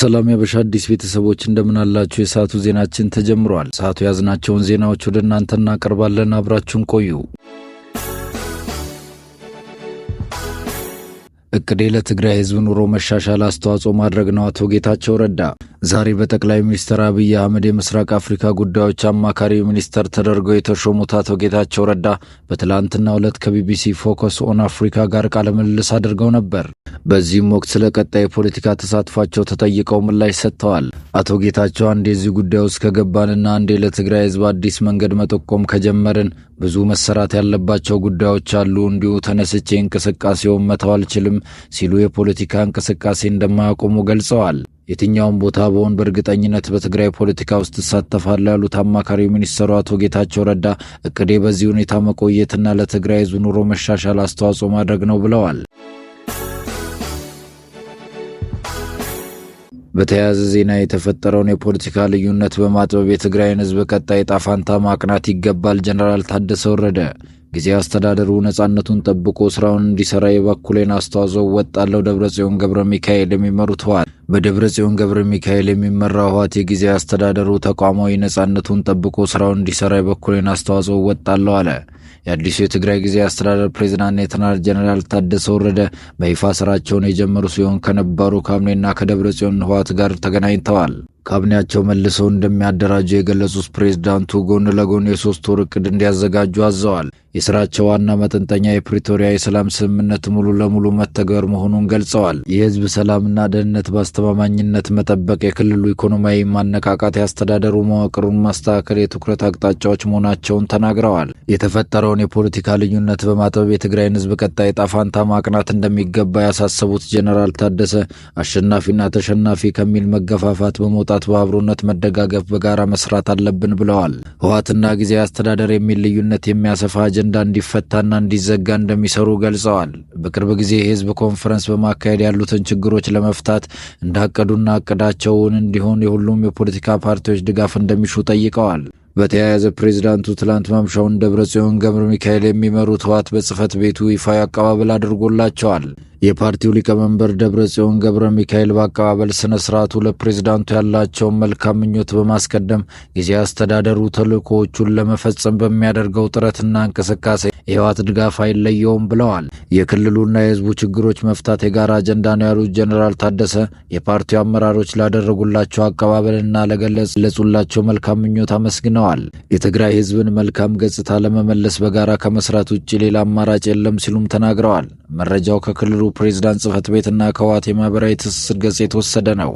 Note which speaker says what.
Speaker 1: ሰላም የበሻ አዲስ ቤተሰቦች እንደምን አላችሁ? የሰዓቱ ዜናችን ተጀምሯል። ሰዓቱ ያዝናቸውን ዜናዎች ወደ እናንተ እናቀርባለን። አብራችሁን ቆዩ። እቅዴ ለትግራይ ሕዝብ ኑሮ መሻሻል አስተዋጽኦ ማድረግ ነው። አቶ ጌታቸው ረዳ ዛሬ በጠቅላይ ሚኒስትር አብይ አህመድ የምስራቅ አፍሪካ ጉዳዮች አማካሪ ሚኒስተር ተደርገው የተሾሙት አቶ ጌታቸው ረዳ በትላንትናው ዕለት ከቢቢሲ ፎከስ ኦን አፍሪካ ጋር ቃለ ምልልስ አድርገው ነበር። በዚህም ወቅት ስለ ቀጣይ የፖለቲካ ተሳትፏቸው ተጠይቀው ምላሽ ሰጥተዋል። አቶ ጌታቸው አንዴ እዚህ ጉዳይ ውስጥ ከገባንና አንዴ ለትግራይ ሕዝብ አዲስ መንገድ መጠቆም ከጀመርን ብዙ መሰራት ያለባቸው ጉዳዮች አሉ። እንዲሁ ተነስቼ እንቅስቃሴውን መተው አልችልም ሲሉ የፖለቲካ እንቅስቃሴ እንደማያቆሙ ገልጸዋል። የትኛውም ቦታ በሆን በእርግጠኝነት በትግራይ ፖለቲካ ውስጥ ትሳተፋለህ ያሉት አማካሪ ሚኒስትሩ አቶ ጌታቸው ረዳ እቅዴ በዚህ ሁኔታ መቆየትና ለትግራይ ህዝብ ኑሮ መሻሻል አስተዋጽኦ ማድረግ ነው ብለዋል። በተያያዘ ዜና የተፈጠረውን የፖለቲካ ልዩነት በማጥበብ የትግራይን ህዝብ ቀጣይ ጣፋንታ ማቅናት ይገባል ጀነራል ታደሰ ወረደ ጊዜ አስተዳደሩ ነፃነቱን ጠብቆ ስራውን እንዲሰራ የበኩሌን አስተዋጽኦ እወጣለሁ። ደብረ ጽዮን ገብረ ሚካኤል የሚመሩት ህወሓት በደብረ ጽዮን ገብረ ሚካኤል የሚመራው ህወሓት የጊዜ አስተዳደሩ ተቋማዊ ነፃነቱን ጠብቆ ስራውን እንዲሰራ የበኩሌን አስተዋጽኦ ወጣለው አለ። የአዲሱ የትግራይ ጊዜ አስተዳደር ፕሬዝዳንት ሌተናል ጀኔራል ታደሰ ወረደ በይፋ ስራቸውን የጀመሩ ሲሆን ከነባሩ ካቢኔና ከደብረ ጽዮን ህወሓት ጋር ተገናኝተዋል። ካቢኔያቸው መልሰው እንደሚያደራጁ የገለጹት ፕሬዝዳንቱ ጎን ለጎን የሶስት ወር እቅድ እንዲያዘጋጁ አዘዋል። የስራቸው ዋና መጠንጠኛ የፕሪቶሪያ የሰላም ስምምነት ሙሉ ለሙሉ መተግበር መሆኑን ገልጸዋል። የህዝብ ሰላምና ደህንነት በአስተማማኝነት መጠበቅ፣ የክልሉ ኢኮኖሚያዊ ማነቃቃት፣ የአስተዳደሩ መዋቅሩን ማስተካከል የትኩረት አቅጣጫዎች መሆናቸውን ተናግረዋል። የተፈጠረውን የፖለቲካ ልዩነት በማጥበብ የትግራይን ህዝብ ቀጣይ ዕጣ ፈንታ ማቅናት እንደሚገባ ያሳሰቡት ጄኔራል ታደሰ አሸናፊና ተሸናፊ ከሚል መገፋፋት በመውጣት በአብሮነት መደጋገፍ፣ በጋራ መስራት አለብን ብለዋል። ህወሓትና ጊዜያዊ አስተዳደር የሚል ልዩነት የሚያሰፋ አጀንዳ አጀንዳ እንዲፈታና እንዲዘጋ እንደሚሰሩ ገልጸዋል። በቅርብ ጊዜ የህዝብ ኮንፈረንስ በማካሄድ ያሉትን ችግሮች ለመፍታት እንዳቀዱና እቅዳቸውን እንዲሆን የሁሉም የፖለቲካ ፓርቲዎች ድጋፍ እንደሚሹ ጠይቀዋል። በተያያዘ ፕሬዚዳንቱ ትላንት ማምሻውን ደብረ ጽዮን ገብረ ሚካኤል የሚመሩት ህወሓት በጽህፈት ቤቱ ይፋዊ አቀባበል አድርጎላቸዋል። የፓርቲው ሊቀመንበር ደብረ ጽዮን ገብረ ሚካኤል በአቀባበል ስነ ስርዓቱ ለፕሬዚዳንቱ ያላቸውን መልካም ምኞት በማስቀደም ጊዜ አስተዳደሩ ተልእኮዎቹን ለመፈጸም በሚያደርገው ጥረትና እንቅስቃሴ የህወሓት ድጋፍ አይለየውም ብለዋል። የክልሉና የህዝቡ ችግሮች መፍታት የጋራ አጀንዳ ነው ያሉት ጀኔራል ታደሰ የፓርቲው አመራሮች ላደረጉላቸው አቀባበልና ለገለጹላቸው መልካም ምኞት አመስግነዋል። የትግራይ ህዝብን መልካም ገጽታ ለመመለስ በጋራ ከመስራት ውጭ ሌላ አማራጭ የለም ሲሉም ተናግረዋል። መረጃው ከክልሉ ፕሬዝዳንት ጽህፈት ቤትና ከዋቴ የማህበራዊ ትስስር ገጽ የተወሰደ ነው።